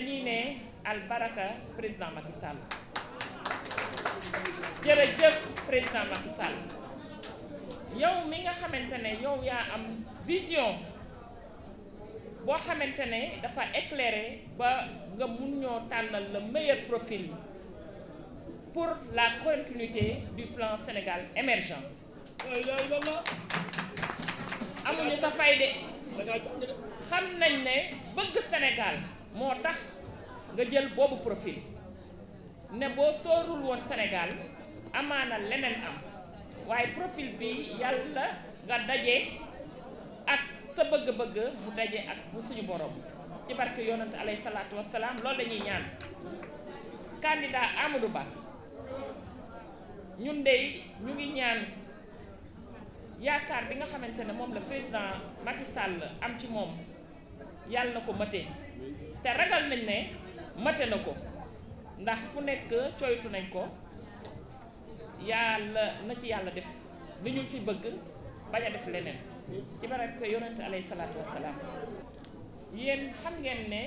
dañuy ne albaraka président Macky Sall président Macky Sall yow mi nga xamante ne yow yaa am vision boo xamante ne dafa éclairé ba nga mun ñoo tànnal la meilleur profil pour la continuité du plan Sénégal émergent amuñu sa fay de xam nañ ne bëgg Sénégal moo tax nga jël boobu profil ne boo soorul woon Sénégal amaana leneen am waaye profil bi yàlla nga daje ak sa bëgg-bëgg mu daje ak bu suñu borom ci barke yonante alayhi salaatu wassalaam loolu la ñuy ñaan candidat Amadou Ba ñun de ñu ngi ñaan yaakaar bi nga xamante ne moom la président Macky Sall am ci moom yàlla na ko mëtee te ragal nañ ne mate na ko ndax fu nekk coytu nañ ko yàlla na ci yàlla def li ñu ci bëgg ba a def leneen ci barab ko yonent alayhi salaatu wassalaam yéen xam ngeen ne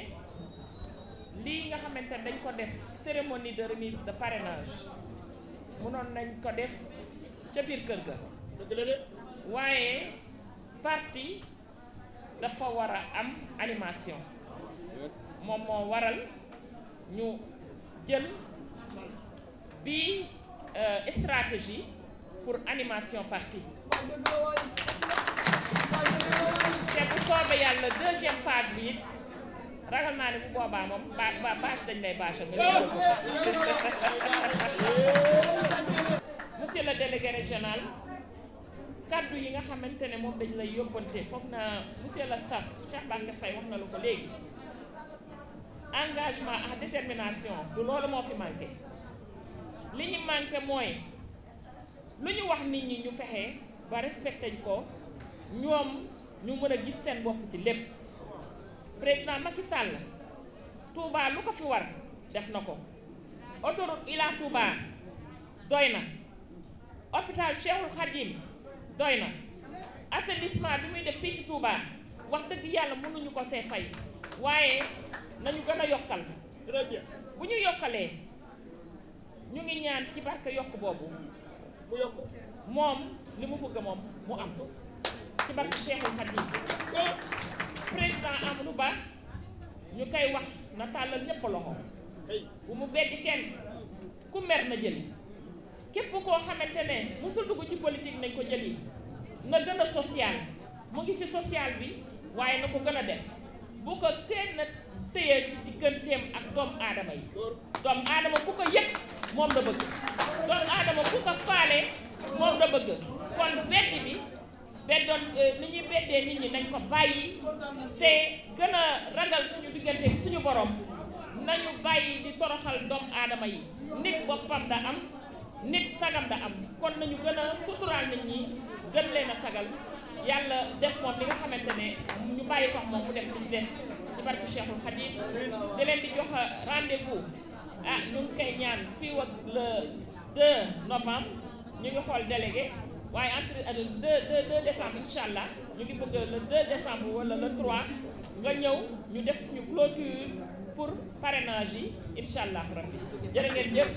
lii nga xamante ne dañ ko def cérémonie de remise de parrainage mënoon nañ ko def ca biir kër ga waaye parti dafa war a am animation moom moo waral ñu jël bi euh, stratégie pour animation parti te bu yàlla deuxième phase bi it ragal naa ne bu boobaa moom ba ba bâche dañ lay bâche nga monsieur le régional kaddu yi nga xamante ne moom dañ lay yóbbante foog na monsieur le SAF Cheikh Bakar Faye wax na la ko léegi engagement ak détermination du loolu moo fi manqué li ñu manqué mooy lu ñu wax nit ñi ñu fexe ba respecté ko ñoom ñu mën a gis seen bopp ci lépp président Macky Sall Touba lu ko fi war def na ko autoroute Ila Touba doy na hôpital Cheikhul Khadim doy na assainissement bi muy def fii ci Touba wax dëgg yàlla mënuñu ko see waaye nañu gën a yokkal très bu ñu yokkalee ñu ngi ñaan ci barke yokk boobu mu yokk moom li mu bëgg moom mu am ci barke Cheikhul Khadim président Amadou Ba ñu koy wax na tàllal ñépp loxo bu mu beddi kenn ku mer na jëli képp koo xamante ne musul dugg ci politique nañ ko jëli na gën a mu ngi ci social bi waaye na ko gën a def bu ko kenn téye digganteem ak doomu aadama yi doomu aadama ku ko yëg moom la bëgg doomu aadama ku ko faale moom la bëgg kon bedd bi beddoon euh, ni ñuy beddee nit ñi nañ ko bàyyi te gën a ragal suñu diggante bi suñu borom nañu bàyyi di toroxal doomu aadama yi nit boppam da am nit sagam da am kon nañu gën a suturaal nit ñi gën leen a sagal yàlla def moom li nga xamante ne ñu bàyyi ko moom mu def suñu des barke Cheikhul Khadim di leen di jox rendez-vous ah ñu ngi koy ñaan fii ak le 2 novembre ñu ngi xool délégué waaye entre euh, le 2 2 décembre incha allah ñu ngi bëgg le 2 décembre wala le 3 nga ñëw ñu def suñu clôture pour parrainage yi incha allah rabbi ngeen jëf.